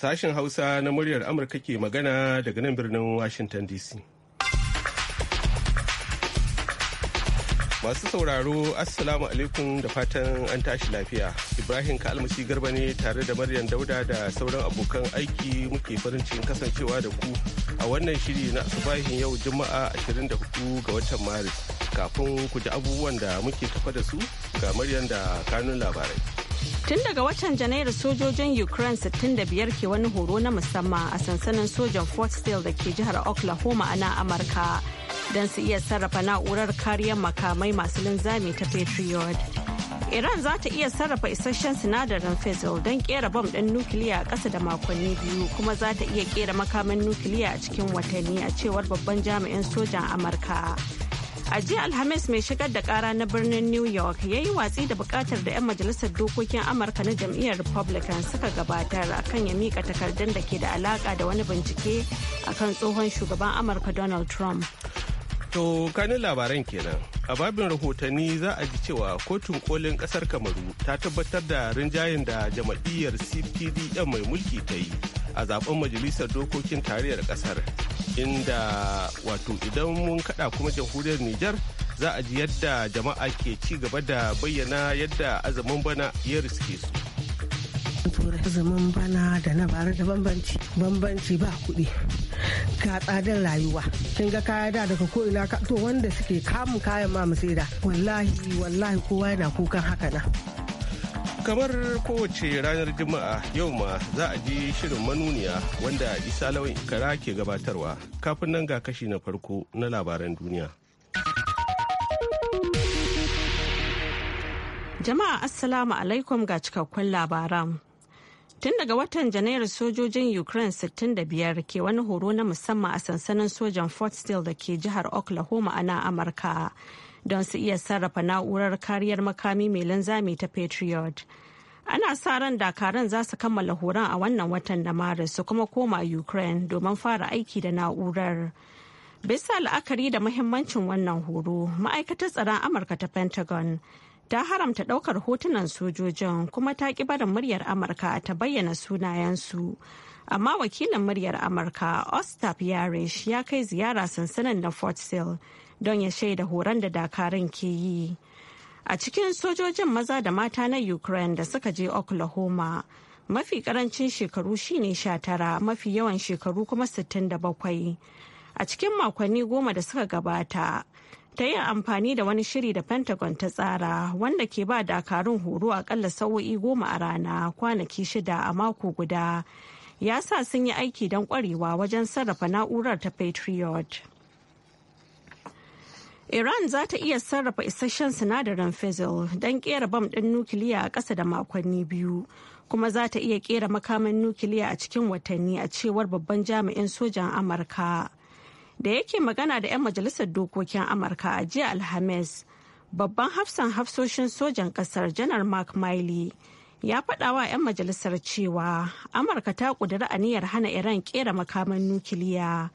Sashen Hausa na muryar Amurka ke magana daga nan birnin Washington DC. Masu sauraro, Assalamu alaikum da fatan an tashi lafiya. Ibrahim Kalmasi Garba ne tare da Maryam Dauda da sauran abokan aiki muke farin cikin kasancewa da ku a wannan shiri na asubahin yau Juma'a 24 ga watan Maris. Kafin ku ji abubuwan da muke tafa da su ga Maryam da kanun labarai. Tun daga watan Janairu sojojin Ukraine 65 ke wani horo na musamman a sansanin sojan Fort Sill da ke jihar Oklahoma a nan Amurka don su iya sarrafa na'urar kariyar makamai masu linzami ta Patriot. Iran za ta iya sarrafa isasshen sinadarin fizzle don kera bom ɗin nukiliya a ƙasa da makonni biyu kuma za ta iya kera makamin nukiliya a cikin watanni a cewar babban jami'in sojan Amurka. a jiya alhamis mai shigar da kara na birnin new york ya yi watsi da bukatar da 'yan majalisar dokokin amurka na jam'iyyar republican suka gabatar akan ya mika takardun da ke da alaka da wani bincike akan tsohon shugaban amurka donald trump To kanin labaran kenan. A babin rahotanni za a ji cewa kotun kolin kasar Kamaru ta tabbatar da rinjayen da jama'iyyar CPDM mai mulki ta yi a zaben majalisar dokokin tarayyar kasar inda wato idan mun kada kuma jamhuriyar Nijar za a ji yadda jama'a ke ci gaba da bayyana yadda azumin bana ya riske su azumin bana da na bare da bambanci bambanci ba kuɗi ga tsadar rayuwa kin ga kaya da daga ko ina to wanda suke kamun kayan ma mu wallahi wallahi kowa yana kukan haka na kamar kowace ranar juma'a yau ma za a ji shirin manuniya wanda isa lawan ikara ke gabatarwa kafin nan ga kashi na farko na labaran duniya jama'a assalamu alaikum ga cikakkun labaran tun daga watan janairu sojojin ukraine 65 ke wani horo na musamman a sansanin sojan fort steele da ke jihar oklahoma a nan amurka don su iya sarrafa na'urar kariyar makami mai linzami ta patriot ana sa ran dakaran za su kammala horon a wannan watan da maris su kuma koma ukraine domin fara aiki da na'urar bisa la'akari da muhimmancin wannan horo ma'aikatar tsaron amurka ta pentagon ta haramta daukar hotunan sojojin kuma ta ƙi barin muryar amurka ta bayyana sunayensu amma wakilin muryar amurka ostap yarish ya kai ziyara sansanin na fort sill don ya shaida horon da dakarun ke yi a cikin sojojin maza da mata na ukraine da suka je oklahoma mafi karancin shekaru shine sha tara mafi yawan shekaru kuma sittin da bakwai. a cikin makonni goma da suka gabata ta yi amfani da wani shiri da pentagon ta tsara wanda ke ba dakarun horo akalla sa'o'i goma a rana kwanaki shida a mako guda ya sa sun yi aiki don kwarewa wajen sarrafa na'urar ta patriot Iran za ta iya sarrafa isasshen sinadarin fizzle don kera bam ɗin nukiliya a ƙasa da makonni biyu, kuma za ta iya kera makaman nukiliya a cikin watanni a cewar babban jami'in sojan Amurka. Da yake magana da 'yan majalisar dokokin Amurka a jiya Alhamis, babban hafsan hafsoshin sojan ƙasar janar Mark Miley ya faɗa wa 'yan majalisar cewa Amurka ta ƙudiri aniyar hana Iran kera makaman nukiliya.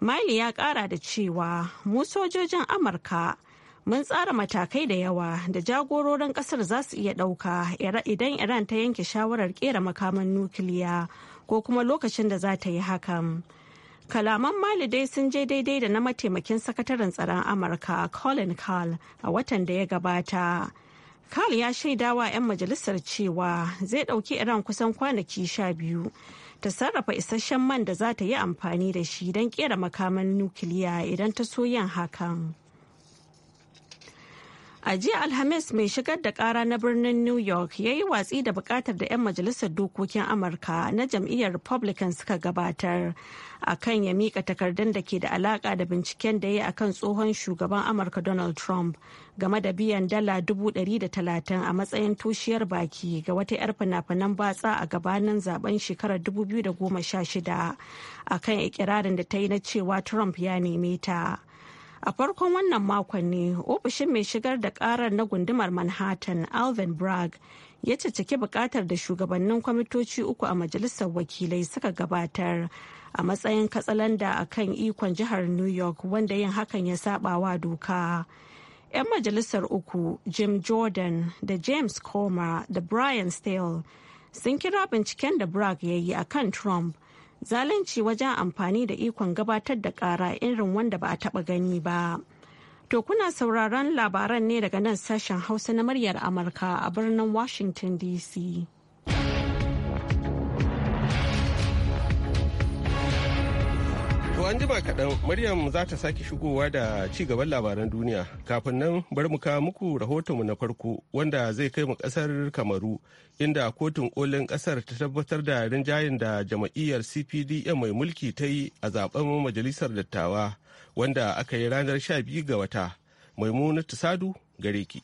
Miley ya kara da cewa mu sojojin Amurka mun tsara matakai da yawa da jagororin kasar za su iya ɗauka idan Iran ta yanke shawarar kera makaman nukiliya ko kuma lokacin da za ta yi hakan. Kalaman Mali dai sun je daidai da na mataimakin sakataren tsaron Amurka Colin Carl a watan da ya gabata. Carl ya shaidawa 'yan majalisar cewa zai ɗauki Iran kusan kwanaki sha biyu ta sarrafa isasshen man da za ta yi amfani da shi don kera makaman nukiliya idan ta so yin hakan. A jiya Alhamis mai shigar da kara na birnin New York ya yi watsi da bukatar da 'yan majalisar dokokin Amurka na jam'iyyar Republican suka gabatar a kan ya mika takardun da ke da alaka da binciken da ya yi a kan tsohon shugaban Amurka Donald Trump game da biyan dala talatin a matsayin toshiyar baki ga wata 'yar fina-finan batsa a gabanin zaben shekarar 2016 a kan ikirarin da ta yi na cewa Trump ya neme ta. a farkon wannan makon ne ofishin mai shigar da karar na gundumar manhattan alvin bragg ya caccaki bukatar da shugabannin kwamitoci uku a majalisar wakilai suka gabatar a matsayin katsalanda a kan ikon jihar new york wanda yin hakan ya wa doka 'yan majalisar uku jim jordan da james comer da brian steele sun kira binciken da bragg ya yi a kan trump zalunci wajen amfani da ikon gabatar da ƙara irin wanda ba a taɓa gani ba. To kuna sauraron labaran ne daga nan sashen Hausa na muryar Amurka a birnin Washington DC. an jima kaɗan Maryam za ta sake shigowa da ci gaban labaran duniya. Kafin nan bar mu kawo muku mu na farko wanda zai kai mu ƙasar Kamaru inda kotun kolin ƙasar ta tabbatar da rinjayen da jama'iyyar CPDM mai mulki ta yi a zaben majalisar dattawa wanda aka yi ranar sha biyu ga wata. Maimunatu Sadu gare ki.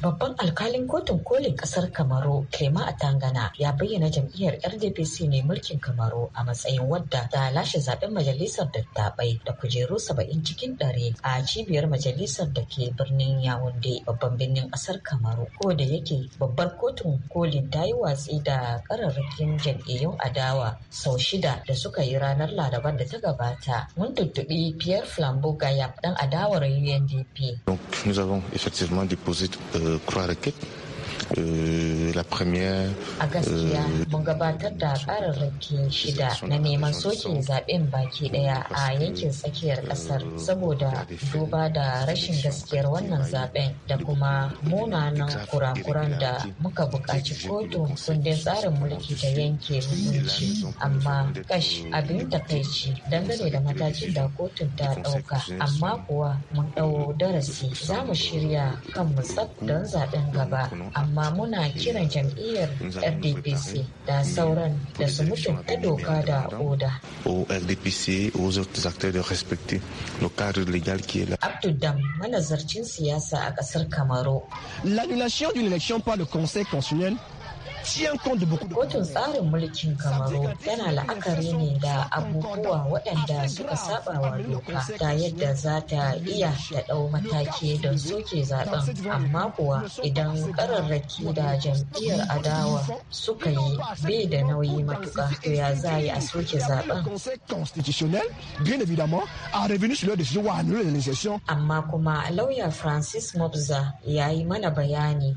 Babban alkalin kotun kolin kasar Kamaru Kema Atangana ya bayyana jam'iyyar RDPC ne mulkin Kamaru a matsayin wadda ta lashe zaben majalisar dattabai da kujeru saba'in cikin ɗari a cibiyar majalisar da ke birnin yawunde babban birnin ƙasar Kamaru ko da yake babbar kotun kolin ta yi watsi da kararrakin jam'iyyun adawa sau shida da suka yi ranar Larabar da ta gabata. Mun tuntubi Pierre Flambeau Gayab dan adawar UNDP. Donc nous avons effectivement déposé euh, Croix-Raquette la première a gaskiya mun gabatar da ƙararraki shida na neman sokin zaben baki daya a yankin tsakiyar kasar saboda duba da rashin gaskiyar wannan zaben da kuma munanan kurakuran da muka buƙaci kotun kundin tsarin mulki ta yanke hukunci amma kashi, abin takaici dangane da matakin da kotun ta ɗauka amma kuwa mun ɗau darasi za mu shirya kan mu tsab don zaben gaba amma amma muna kiran jam'iyyar rdpc da sauran da su mutunta doka da oda abdullam manazarcin siyasa a kasar kamaru l'annulation d'une élection par le conseil constitutionnel Kotun tsarin mulkin Kamaru tana la'akari ne da abubuwa waɗanda suka saba wa doka ta yadda za ta iya da ɗau mataki don soke zaben amma kuwa idan ƙararraki da jam'iyyar adawa suka yi bai da nauyi matuka to ya za a soke zaben. Amma kuma lauya Francis Mobza ya yi mana bayani.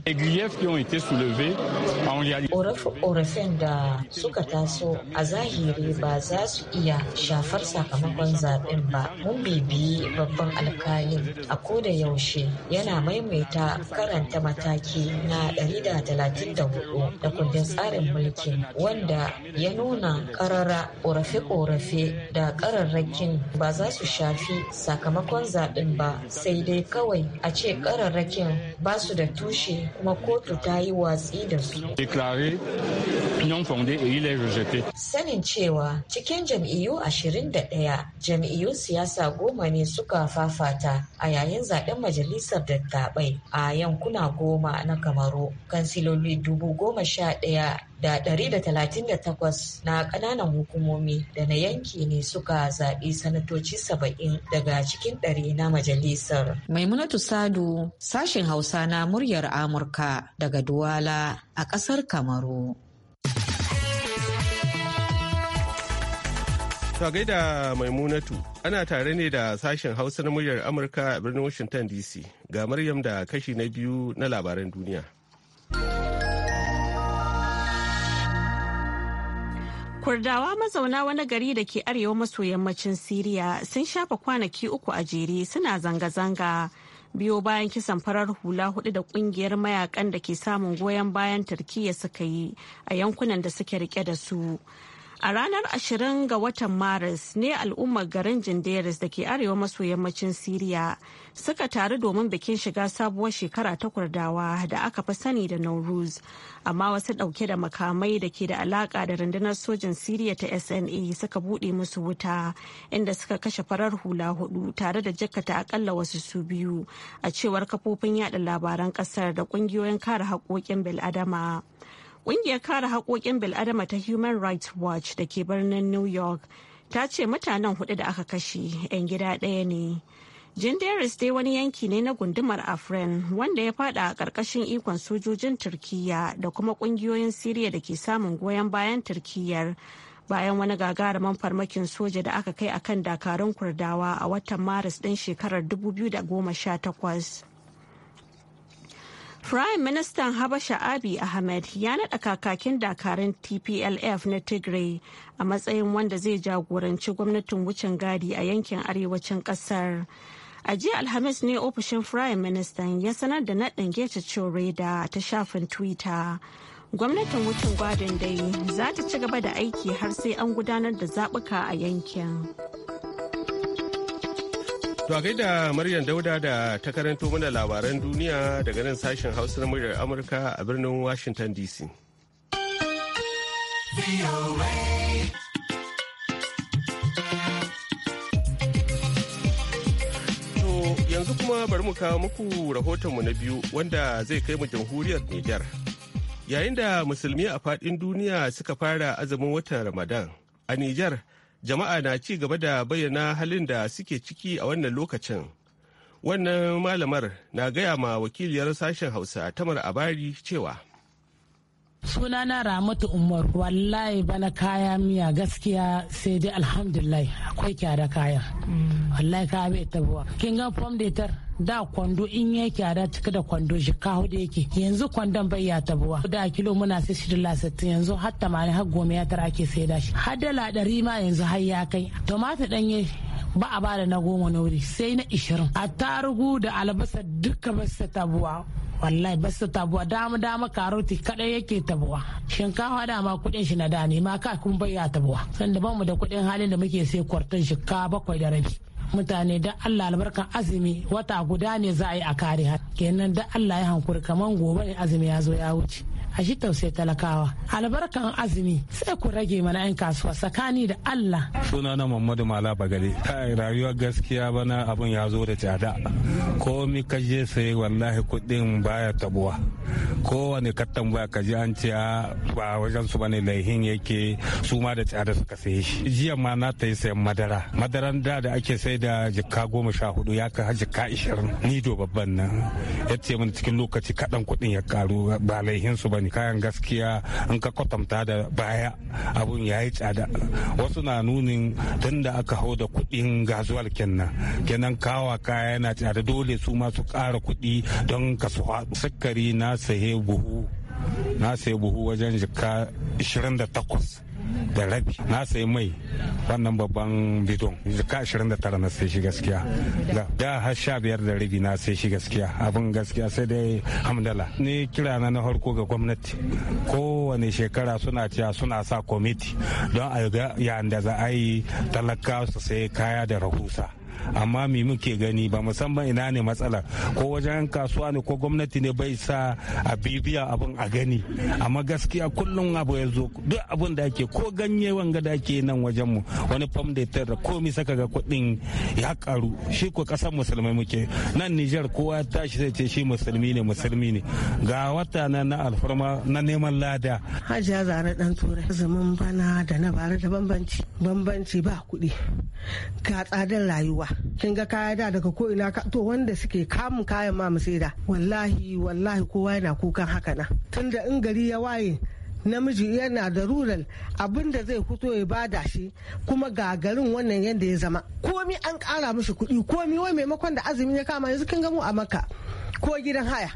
ƙorafe-ƙorafen da suka taso a zahiri ba za su iya shafar sakamakon zaɓen ba mun bibiyi babban alkalin a koda yaushe yana maimaita karanta mataki na 134 da kundin tsarin mulkin wanda ya nuna karara ƙorafe-ƙorafe da kararrakin ba za su shafi sakamakon zaɓen ba sai dai kawai a ce kararrakin ba su da tushe kuma kotu ta yi watsi da su. tare fonde rejeté. Sanin cewa cikin jam'iyyu ashirin da ɗaya jam'iyyun siyasa goma ne suka fafata a yayin zaben majalisar dattabai a yankuna goma na Kamaru. Kansiloli dubu goma sha ɗaya da 138 na ƙananan hukumomi da na yanki ne suka zaɓi sanatoci 70 daga cikin 100 na majalisar. Maimunatu Sadu sashen Hausa na muryar Amurka daga Duwala a ƙasar Kamaru. To gaida Maimunatu ana tare ne da sashen Hausa na muryar Amurka a birnin Washington DC ga Maryam da kashi na biyu na labaran duniya. Kurdawa mazauna wani gari da ke arewa maso yammacin Siriya sun shafa kwanaki uku a jere suna zanga-zanga biyo bayan kisan farar hula hudu da kungiyar mayakan da ke samun goyon bayan Turkiyya suka yi a yankunan da suke rike da su. A ranar 20 ga watan Maris ne al'ummar garin Jindiris da ke arewa maso yammacin Siriya suka taru domin bikin shiga sabuwar shekara ta kurdawa da aka fi sani da Nauruz. Amma wasu dauke da makamai da ke da alaƙa da rundunar sojin Siriya ta SNA suka buɗe musu wuta inda suka kashe farar hula hudu tare da jakkata akalla wasu su biyu a cewar kafofin yada labaran ƙasar da ƙungiyoyin kare haƙoƙin bil'adama. Ƙungiyar kare haƙoƙin bil'adama ta Human Rights Watch da ke birnin New York ta ce mutanen hudu da aka kashe 'yan gida ɗaya ne. Jinderis dai wani yanki ne na gundumar Afren wanda ya fada a ƙarƙashin ikon sojojin Turkiyya da kuma ƙungiyoyin Siriya da ke samun goyon bayan Turkiyyar bayan wani gagarumin farmakin soja da aka kai akan dakarun Kurdawa a watan Maris ɗin shekarar 2018. Prime Ministan Habasha Abiy Ahmed ya naɗa kakakin dakarun TPLF na Tigray a matsayin wanda zai jagoranci gwamnatin wucin gadi a yankin arewacin ƙasar. A jiya Alhamis ne ofishin Prime Ministan ya sanar da naɗin Geta Choreda ta shafin Twitter. Gwamnatin wucin gadin dai za ta ci gaba da aiki har sai an gudanar da zaɓuka a yankin. To a gaida Maryam Dauda da ta karanto mana labaran duniya daga nan sashen Hausa na muryar Amurka a birnin Washington DC. yanzu kuma bari mu kawo muku rahotonmu na biyu wanda zai kai mu jamhuriyar Nijar. Yayin da musulmi a faɗin duniya suka fara azumin watan Ramadan, a Nijar jama'a na ci gaba da bayyana halin da suke ciki a wannan lokacin wannan malamar na gaya ma wakiliyar sashen hausa tamar abari cewa sunana ramatu umar wallahi bana kaya miya gaskiya sai dai alhamdulillah akwai kyara kaya mm. wallahi kaya bai tabuwa kin ga fom detar da kwando in yake a da cika da kwando jika hudu yake yanzu kwandon bai ya tabuwa da kilo muna sai shi da sittin yanzu har tamanin har goma ya tara ake sai da shi har dala ɗari ma yanzu har ya kai tumatir ɗanye ba a bada na goma na wuri sai na ishirin a tarugu da albasa duka basta tabuwa wallahi basta tabuwa dama dama karoti kadai yake tabuwa shinkafa ma kuɗin shi na da ne ma ka bai ya tabuwa sanda mu da kuɗin, halin da muke sai kwartan shi ka bakwai da rabi mutane da Allah albarkan azumi wata guda ne za a yi a kare kenan da Allah ya hankuri kaman gobe ne azumi ya zo ya wuce a ji tausayi talakawa albarkan azumi sai ku rage mana 'yan kasuwa tsakani da allah suna na muhammadu mala bagare rayuwa gaskiya bana abin ya zo da tsada komi ka je sai wallahi kuɗin baya tabuwa kowane kattan baya ka ji an ce ba wajen su bane laihin yake su ma da tsada suka saye shi jiya ma na ta yi sayan madara madaran da da ake sai da jikka goma sha hudu ya ka jikka ishirin nido babban nan ya ce min cikin lokaci kaɗan kuɗin ya karu ba laihin su bane ne kayan gaskiya in ka kwatanta da baya abun ya yi tsada wasu na nunin tun da aka hau da kuɗin gazuwar kenan kenan kawa kaya yana tsada dole su masu ƙara kuɗi don ka su haɗu sukari na sahe buhu na sayi buhu wajen jika 28 da rabi na sayi mai wannan babban bidon jika 29 na sai shi gaskiya da har sha biyar da rabi na sai shi gaskiya abin gaskiya sai dai hamdala ni kira na na harko ga gwamnati kowane shekara suna cewa suna sa kwamiti don a ga yanda za a yi talaka su sai kaya da rahusa amma mi muke gani ba musamman ina ne matsala ko wajen kasuwa ne ko gwamnati ne bai sa a bibiya abin a gani amma gaskiya kullum abu ya zo duk abin da ake ko ganye wanga da ake nan wajen mu wani fam da ko komi saka ga kuɗin ya karu shi ko ƙasar musulmai muke nan Nijar kowa tashi zai ce shi musulmi ne musulmi ne ga wata na na alfarma na neman lada ya zara dan turai zaman bana da na bara da bambanci bambanci ba kuɗi ga tsadar rayuwa sayarwa kin ga kaya da daga ko ina to wanda suke kamun kayan ma mu saida wallahi wallahi kowa yana kukan haka na tunda in gari ya waye namiji yana da rural abin da zai fito ya bada shi kuma ga garin wannan yadda ya zama komi an kara mishi kuɗi komi wai maimakon da azumi ya kama yanzu kin gamu a maka ko gidan haya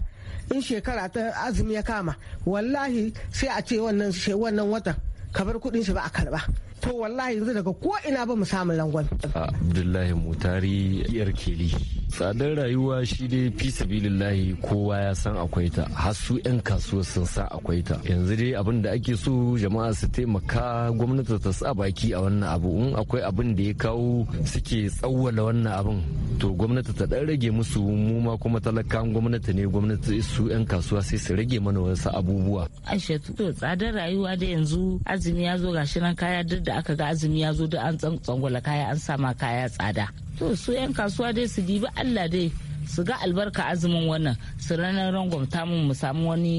in shekara ta azumi ya kama wallahi sai a ce wannan wannan watan kabar kuɗin shi ba a karba to wallahi yanzu daga ko ina ba mu samu langon abdullahi mutari yar keli tsadar rayuwa shi dai fi sabilillahi kowa ya san akwai ta har su 'yan kasuwa sun sa akwai ta yanzu dai abin da ake so jama'a su taimaka gwamnati ta sa baki a wannan abu in akwai abin da ya kawo suke tsawwala wannan abin to gwamnati ta dan rage musu mu ma kuma talakan gwamnati ne gwamnati su 'yan kasuwa sai su rage mana wasu abubuwa Aisha to tsadar rayuwa da yanzu azumi ya zo gashi nan kaya duk da aka ga azumi ya zo da an tsangwala kaya an sama kaya tsada to su 'yan kasuwa dai su dibi allah dai su ga albarka azumin wannan su ranar rangwamta mu mu samu wani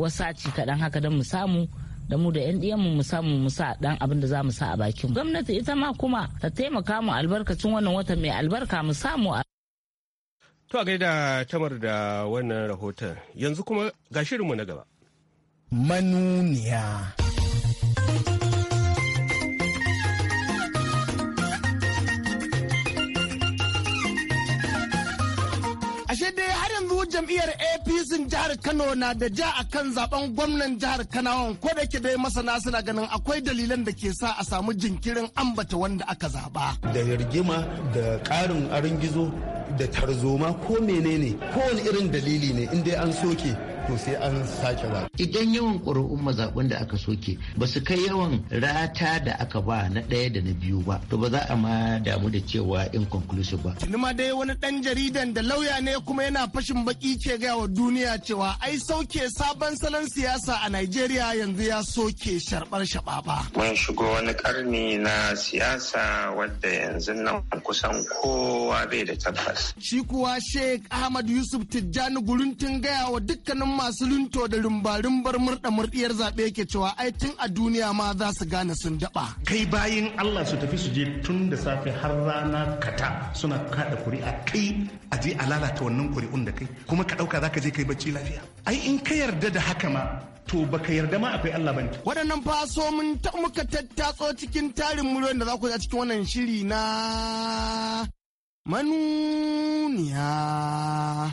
wasaci kaɗan haka don mu samu da mu da 'yan ɗiyanmu mu samu mu sa dan abin da za mu sa a bakin gwamnati ita ma kuma ta taimaka mu albarkacin wannan wata mai albarka mu samu To a gaida tamar da wannan rahoton yanzu kuma ga shirinmu na gaba. Manuniya. Ashe dai har yanzu jam'iyyar APC jihar Kano na da ja a kan zaben gwamnan jihar Kanawan ko da dai masana suna ganin akwai dalilan da ke sa a samu jinkirin ambata wanda aka zaba. Da rigima da ƙarin arin gizo da tarzoma ko menene kowane irin dalili ne in dai an soke to sai an sake ba. Idan yawan ƙuri'un mazaɓun da aka soke ba su kai yawan rata da aka ba na ɗaya da na biyu ba to ba za a ma damu da cewa inconclusive ba. Tuni ma dai wani ɗan jaridan da lauya ne kuma yana fashin baki ke gaya wa duniya cewa ai sauke sabon salon siyasa a Najeriya yanzu ya soke sharɓar shaɓaɓa. Mun shigo wani ƙarni na siyasa wadda yanzu nan kusan kowa bai da tabbas. Shi kuwa Sheikh Ahmad Yusuf Tijjani Guruntun gaya wa dukkanin masu lunto da bar murɗa murɗiyar zaɓe ke cewa ai tun a duniya ma za su gane sun daɓa. Kai bayin Allah su tafi su je tun da safe har rana kata suna kaɗa kuri'a kai a je a lalata wannan kuri'un da kai kuma ka ɗauka za ka je kai bacci lafiya. Ai in ka yarda da haka ma to baka yarda ma akwai Allah bane. Waɗannan faso mun ta muka tattatso cikin tarin muryoyin da za ku a cikin wannan shiri na manuniya.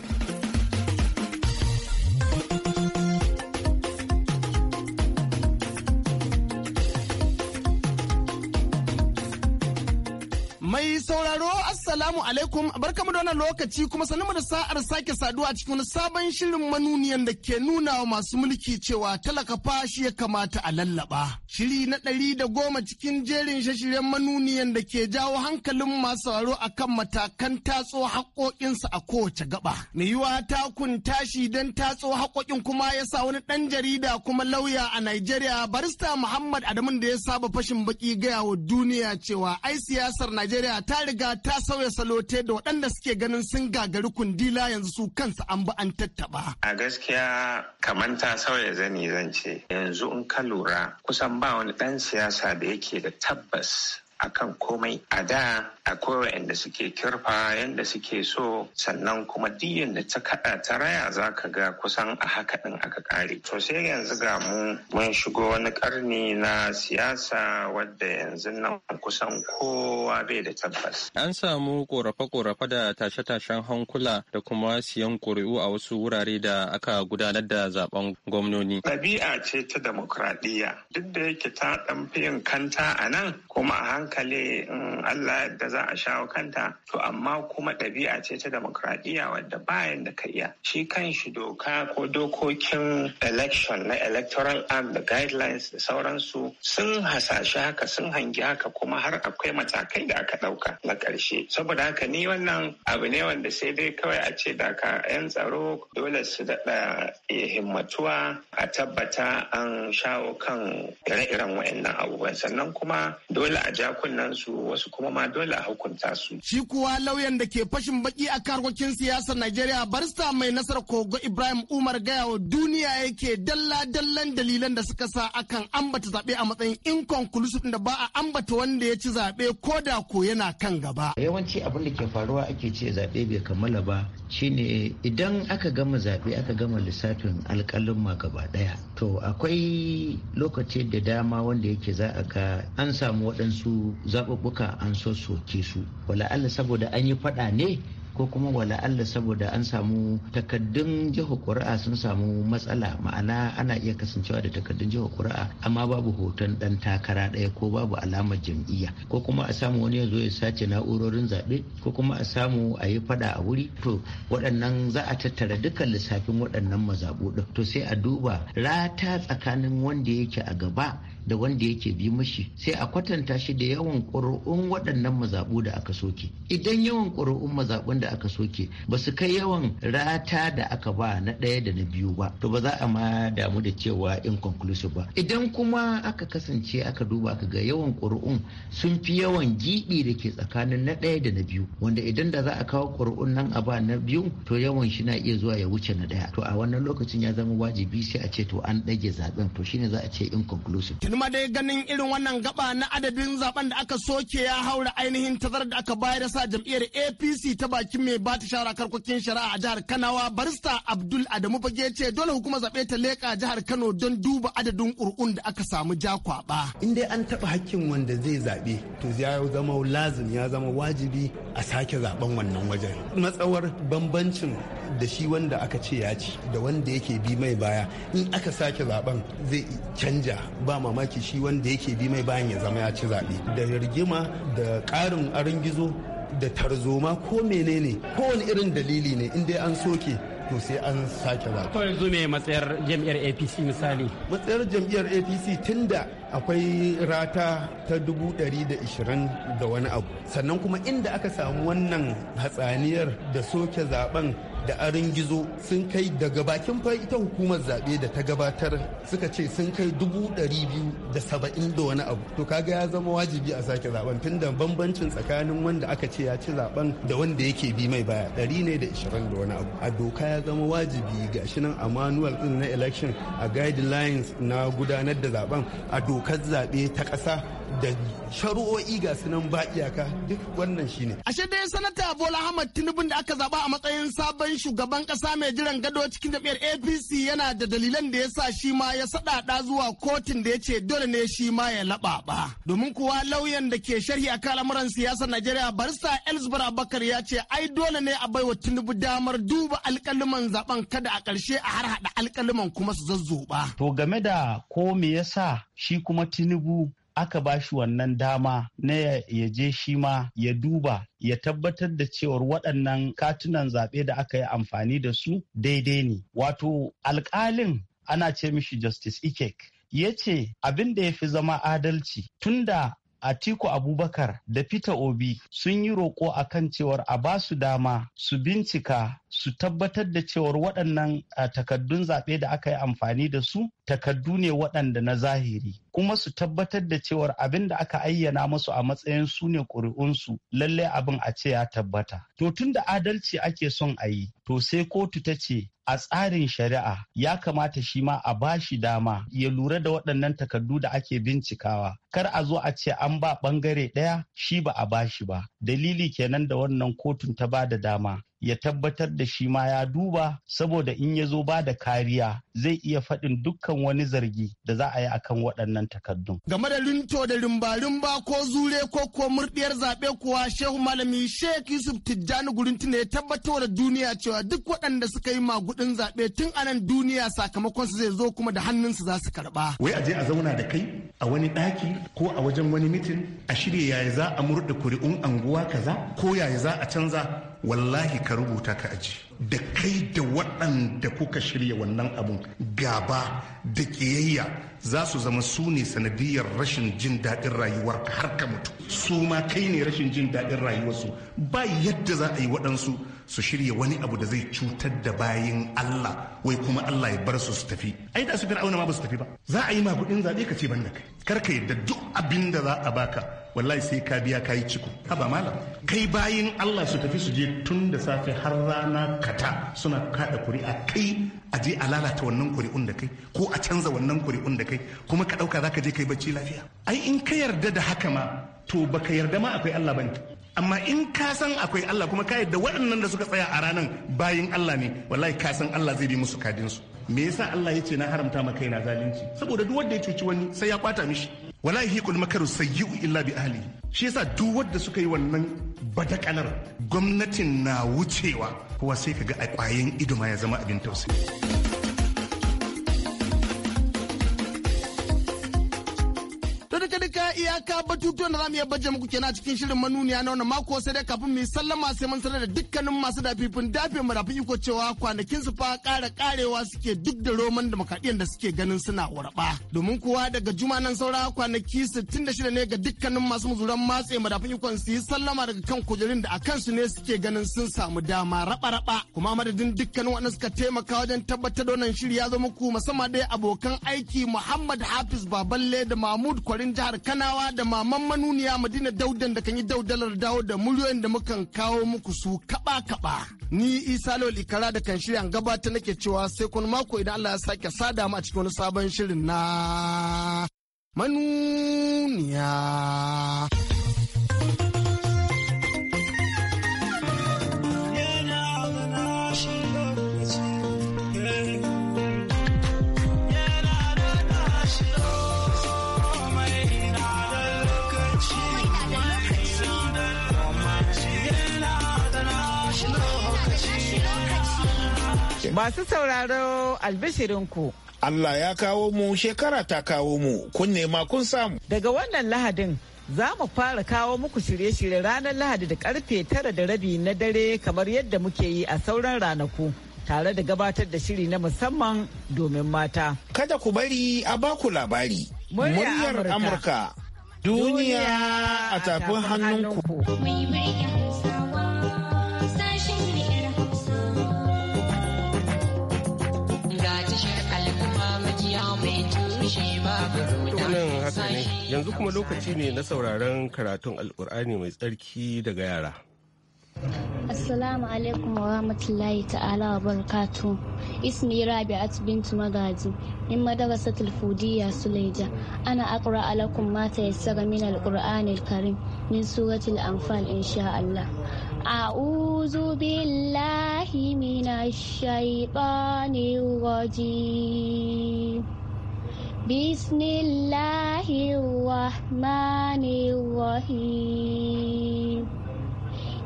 Mai sauraro Assalamu alaikum barkamu da wannan lokaci kuma sanin da sa'ar sake saduwa cikin sabon shirin manuniyan da ke nuna wa masu mulki cewa talaka fa shi ya kamata a lallaba. Shiri na ɗari da goma cikin jerin shashiren manuniyan da ke jawo hankalin masu sauraro kan matakan tatso haƙoƙinsa a kowace gaba. Me yiwa takun tashi don tatso haƙoƙin kuma ya sa wani ɗan jarida kuma lauya a Najeriya barista Muhammad Adamun da ya saba fashin baki gaya wa duniya cewa ai siyasar Najeriya ta riga ta sau sauya salote da waɗanda suke ganin sun gagari kundila yanzu su kansa an bi an tattaba. A gaskiya kamar ta sauya zani zan yanzu in ka lura kusan ba wani ɗan siyasa da yake da tabbas akan komai a da akwai wa'anda suke kirfa yadda suke so sannan kuma diyan da ta kaɗa ta raya za ka ga kusan a haka din aka ƙare to sai yanzu ga mu mun shigo wani ƙarni na siyasa wadda yanzu nan kusan kowa bai da tabbas an samu ƙorafe-ƙorafe da tashe-tashen hankula da kuma siyan ƙuri'u a wasu wurare da aka gudanar da zaben gwamnoni ɗabi'a ce ta demokradiyya duk da yake ta ɗan yin kanta a nan kuma a hankali hankali in Allah da za a shawo kanta to amma kuma ɗabi'a ce ta demokradiyya wadda bayan da ka iya shi kan shi doka ko dokokin election na electoral act da guidelines da sauransu sun hasashe haka sun hangi haka kuma har akwai matakai da aka ɗauka na ƙarshe saboda haka ni wannan abu ne wanda sai dai kawai a ce da 'yan tsaro dole su daɗa ya himmatuwa a tabbata an shawo kan ire-iren waɗannan abubuwan sannan kuma dole a ja kunnan su wasu kuma ma dole a hukunta su. Shi kuwa lauyan da ke fashin baki a karkokin siyasar Najeriya barista mai nasarar kogo Ibrahim Umar gaya wa duniya yake dalla dallan dalilan da suka sa akan ambata zaɓe a matsayin inconclusive da ba a ambata wanda ya ci zaɓe ko da ko yana kan gaba. Yawanci abin da ke faruwa ake ce zaɓe bai kammala ba shine idan aka gama zaɓe aka gama lissafin alƙalin ma gaba ɗaya. To akwai lokaci da dama wanda yake za a ga an samu waɗansu zaɓuɓɓuka an soke su wala allah saboda an yi faɗa ne ko kuma wala allah saboda an samu takaddun jihar ƙuri'a sun samu matsala ma'ana ana iya kasancewa da takaddun jihar ƙuri'a amma babu hoton ɗan takara ɗaya ko babu alamar jam'iyya ko kuma a samu wani ya zo ya sace na'urorin zaɓe ko kuma a samu a yi faɗa a wuri to waɗannan za a tattara dukkan lissafin waɗannan mazaɓu ɗin to sai a duba rata tsakanin wanda yake a gaba da wanda yake bi mashi sai a kwatanta shi da yawan ƙuri'un waɗannan mazaɓu da aka soke idan yawan ƙuri'un mazaɓun da aka soke ba su kai yawan rata da aka ba na ɗaya da na biyu ba to ba za a ma damu da cewa inconclusive ba idan kuma aka kasance aka duba aka ga yawan ƙuri'un sun fi yawan giɓi da ke tsakanin na ɗaya da na biyu wanda idan da za a kawo ƙuri'un nan a ba na biyu to yawan shi na iya zuwa ya wuce na ɗaya to a wannan lokacin ya zama wajibi sai a ce to an ɗage zaɓen to shine za a ce inconclusive kuma dai ganin irin wannan gaba na adadin zaben da aka soke ya haura ainihin tazarar da aka bayar sa jam'iyyar apc ta bakin mai ba ta shara karkokin shari'a a jihar kanawa barista abdul adamu fage ce dole hukuma zaɓe ta leƙa jihar kano don duba adadin kur'un da aka samu ja kwaɓa. in dai an taɓa hakkin wanda zai zaɓe to ya zama lazim ya zama wajibi a sake zaɓen wannan wajen matsawar bambancin da shi wanda aka ce ya ci da wanda yake bi mai baya in aka sake zaben zai canja ba mamaki shi wanda yake bi mai bayan ya zama ya ci zaɓe da rigima da ƙarin arin gizo da tarzoma ko menene kowane irin dalili ne in dai an soke to sai an sake zaɓe. Kawai yanzu me matsayar jam'iyyar APC misali? Matsayar jam'iyyar APC tunda akwai rata ta dubu ɗari da ishirin da wani abu. Sannan kuma inda aka samu wannan hatsaniyar da soke zaben da arin gizo sun kai daga bakin faita ita hukumar zaɓe da ta gabatar suka ce sun kai dubu ɗari biyu da saba'in da wani abu to kaga ya zama wajibi a sake zaben tunda bambancin tsakanin wanda aka ce ya ci zaben da wanda yake bi mai baya ɗari ne da ishirin da wani abu a doka ya zama wajibi ga shi nan a manual ɗin na election a guidelines na gudanar da zaben a dokar zaɓe ta ƙasa da shari'o'i ga sunan ba iyaka duk wannan shine. Ashe dai sanata Bola Ahmad Tinubu da aka zaba a matsayin sabon shugaban kasa mai jiran gado cikin jam'iyyar APC yana da dalilan da ya sa shi ma ya sadada zuwa kotun da ya ce dole ne shi ma ya laɓaɓa. Domin kuwa lauyan da ke sharhi a kan al'amuran siyasar Najeriya barista Elsbar Abakar ya ce ai dole ne a baiwa Tinubu damar duba alƙaluman zaben kada a ƙarshe a harhaɗa alƙaluman kuma su zazzoba. To game da ko me yasa shi kuma Tinubu aka ba shi wannan dama na ya je shi ma ya duba ya tabbatar da cewar waɗannan katunan zaɓe da aka yi amfani da su daidai ne. Wato alƙalin ana ce mishi Justice Ikek. Ya ce abin da ya fi zama adalci tunda Atiku Abubakar da Peter Obi sun yi roƙo a kan cewar a ba su dama su bincika su tabbatar da cewar waɗannan takaddun zaɓe da aka yi amfani da su takaddu ne waɗanda na zahiri kuma su tabbatar da cewar abin da aka ayyana masu a matsayin su ne ƙuri'unsu lallai abin a ce ya tabbata to tun da adalci ake son a yi to sai kotu ta ce a tsarin shari'a ya kamata shi ma a shi dama ya lura da waɗannan takaddu da ake bincikawa kar a zo a ce an ba ɓangare ɗaya shi ba a ba shi ba dalili kenan da wannan kotun ta ba da dama ya tabbatar da shi ma ya duba saboda in ya zo ba da kariya zai iya faɗin dukkan wani zargi da za a yi akan waɗannan takardun. Game da linto da rimba-rimba ko zure ko kuwa murɗiyar zaɓe kuwa Shehu Malami Sheikh Yusuf Tijjani Gurinti ne ya tabbatar da duniya cewa duk waɗanda suka yi maguɗin zaɓe tun anan duniya sakamakon su zai zo kuma da hannunsu za su karɓa. Wai a je a zauna da kai a wani ɗaki ko a wajen wani mitin a shirya yaya za a murɗa kuri'un anguwa kaza ko yaya za a canza wallahi ka rubuta ka aji da kai da waɗanda kuka shirya wannan abun gaba da ƙiyayya za su zama su ne sanadiyar rashin jin daɗin rayuwar har ka mutu su ma kai ne rashin jin daɗin rayuwarsu ba yadda za a yi waɗansu su shirya wani abu da zai cutar da bayin Allah wai kuma Allah ya bar su su tafi ai da su fir'auna ma ba su tafi ba za a yi ma kudin zabe ka ce ban da kai kar ka yadda duk abin da za a baka wallahi sai ka biya kayi ciko haba malam kai bayin Allah su tafi su je tun da safe har rana kata suna kada kuri'a kai a je a lalata wannan kuri'un da kai ko a canza wannan kuri'un da kai kuma ka dauka zaka je kai bacci lafiya ai in ka yarda da haka ma to baka yarda ma akwai Allah bane amma in ka san akwai Allah kuma ka yarda waɗannan da suka tsaya a ranan bayin Allah ne wallahi ka san Allah zai bi musu kadin su me yasa Allah ya ce na haramta ma kaina zalunci saboda duk wanda ya cuci wani sai ya kwata mishi wallahi hiqul makaru sayyi'u illa bi ahli shi yasa duk wanda suka yi wannan badakalar gwamnatin na wucewa kowa sai kaga a kwayen ido ma ya zama abin tausayi iyaka batutuwan da za mu iya baje muku kenan a cikin shirin manuniya na wannan mako sai dai kafin mu yi sallama sai mun sanar da dukkanin masu dafifin dafe mu rafi iko cewa kwanakin su fa ƙara ƙarewa suke duk da roman demokradiyyar da suke ganin suna warba domin kuwa daga juma nan saura kwanaki 66 ne ga dukkanin masu muzuran matse rafi iko su yi sallama daga kan kujerun da a kansu ne suke ganin sun samu dama raba-raba kuma madadin dukkanin waɗanda suka taimaka wajen tabbatar da wannan shiri ya zo muku musamman dai abokan aiki Muhammad Hafiz Baballe da Mahmud Kwarin jihar Kanawa da maman manuniya Madina Daudan da kan yi daudalar dawo da muryoyin da mukan kawo muku su kaba kaba. Ni Isa Lawal Ikara da kan shirya gabata nake cewa sai kun mako idan Allah ya sake sada mu a cikin wani sabon shirin na manuniya. kenan masu sauraro albishirin ku Allah ya kawo mu shekara ta kawo mu kun nema kun samu. Daga wannan lahadin za mu fara kawo muku shirye-shirye ranar lahadi da karfe tara da rabi na dare kamar yadda muke yi a sauran ranaku. tare da gabatar da shiri na musamman domin mata. Kada ku bari a baku labari. Muryar Amurka. Duniya a tafin hannunku. haka ne, yanzu kuma lokaci ne na sauraron karatun Alƙur'ani mai tsarki daga yara. Assalamu alaikum wa rahmatullahi ta'ala wa barakatu. Ismi Rabi'at bintu Magaji in madarasa al Sulaija. Ana aqra alakum ya tsara min alkur'ani karim min suratul Anfal insha Allah. أعوذ بالله من بسم الله الرحمن الرحيم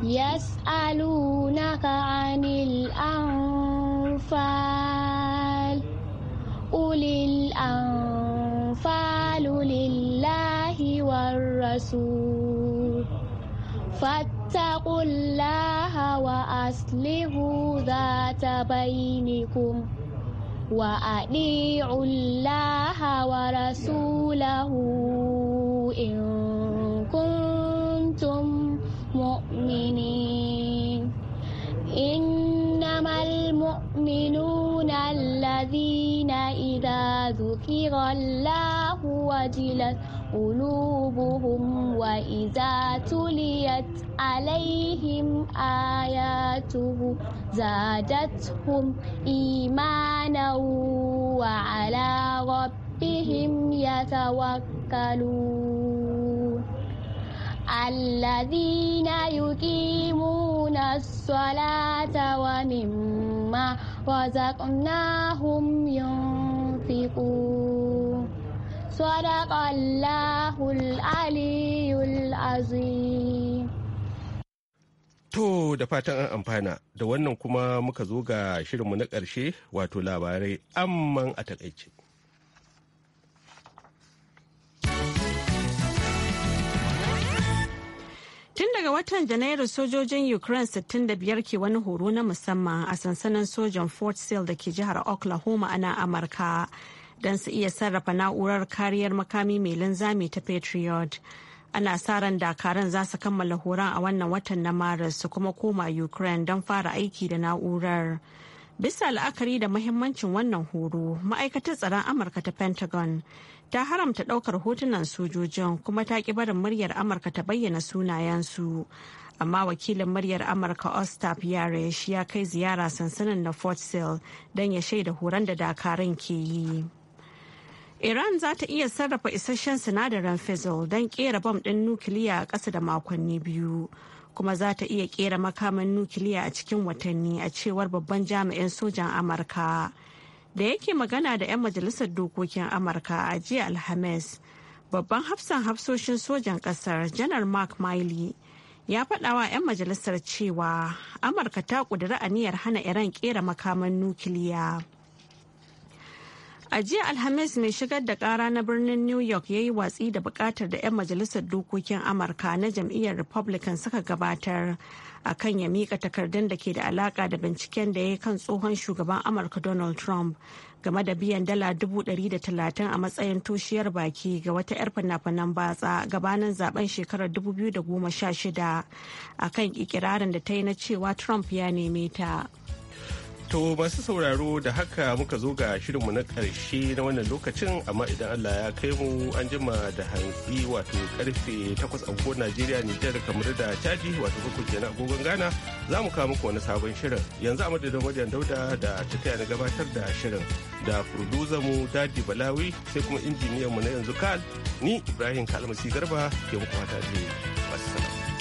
يسألونك عن الأنفال قل الأنفال لله والرسول فاتقوا الله وأصلحوا ذات بينكم وأطيعوا الله ورسوله إن كنتم مؤمنين إنما المؤمنون الذين إذا ذكر الله وجلت قلوبهم وإذا تليت عليهم آياته زادتهم إيمانا وعلى ربهم يتوكلون الذين يقيمون الصلاة ومما رزقناهم ينفقون صدق الله العلي العظيم To da fatan an amfana da wannan kuma muka zo ga shirinmu na ƙarshe wato labarai amman a takaice. Tun daga watan Janairu sojojin Ukraine 65 ke wani horo na musamman a sansanin sojan Fort Sill da ke jihar Oklahoma ana Amurka. don su iya sarrafa na'urar kariyar makami mai linzami ta patriot ana sa ran dakaran za su kammala horon a wannan watan na maris su kuma koma ukraine don fara aiki da na'urar bisa la'akari da mahimmancin wannan horo ma'aikatar tsaron amurka ta pentagon ta haramta daukar hotunan sojojin kuma ta ki barin muryar amurka ta bayyana sunayensu amma wakilin muryar amurka ostap yaresh ya kai ziyara sansanin na fort sill don ya shaida horon da dakarun ke yi. Iran za ta iya sarrafa isasshen sinadarin fizzle don kera bom ɗin nukiliya a ƙasa da makonni biyu. kuma za ta iya kera makaman nukiliya a cikin watanni a cewar babban jami'in sojan amurka da yake magana da 'yan majalisar dokokin amurka a jiya alhamis babban hafsan hafsoshin sojan ƙasar janar mark miley ya faɗawa 'yan majalisar cewa amurka ta ƙudiri aniyar hana iran kera makaman nukiliya A jiya Alhamis mai shigar da kara na birnin New York ya yi watsi da bukatar da 'yan majalisar dokokin Amurka na jam'iyyar Republican suka gabatar a kan ya mika takardun da ke da alaka da binciken da ya yi kan tsohon shugaban Amurka Donald Trump game da biyan dala 130 a matsayin toshiyar baki ga wata 'yar fina-finan batsa gabanin zaben shekarar 2016 a kan ikirarin da ta yi na cewa Trump ya neme ta. To masu sauraro da haka muka zo ga shirinmu na karshe na wannan lokacin amma idan Allah ya kai mu an jima da hantsi wato karfe 8 agogon Najeriya Nijar kamar da caji wato hukun na agogon Ghana za mu kawo muku wani sabon shirin yanzu a madadin Maryam Dauda da tafiya na gabatar da shirin da producer mu Dadi Balawi sai kuma injiniyan mu na yanzu Kal ni Ibrahim Kalmasi Garba ke muku fata da sana'a.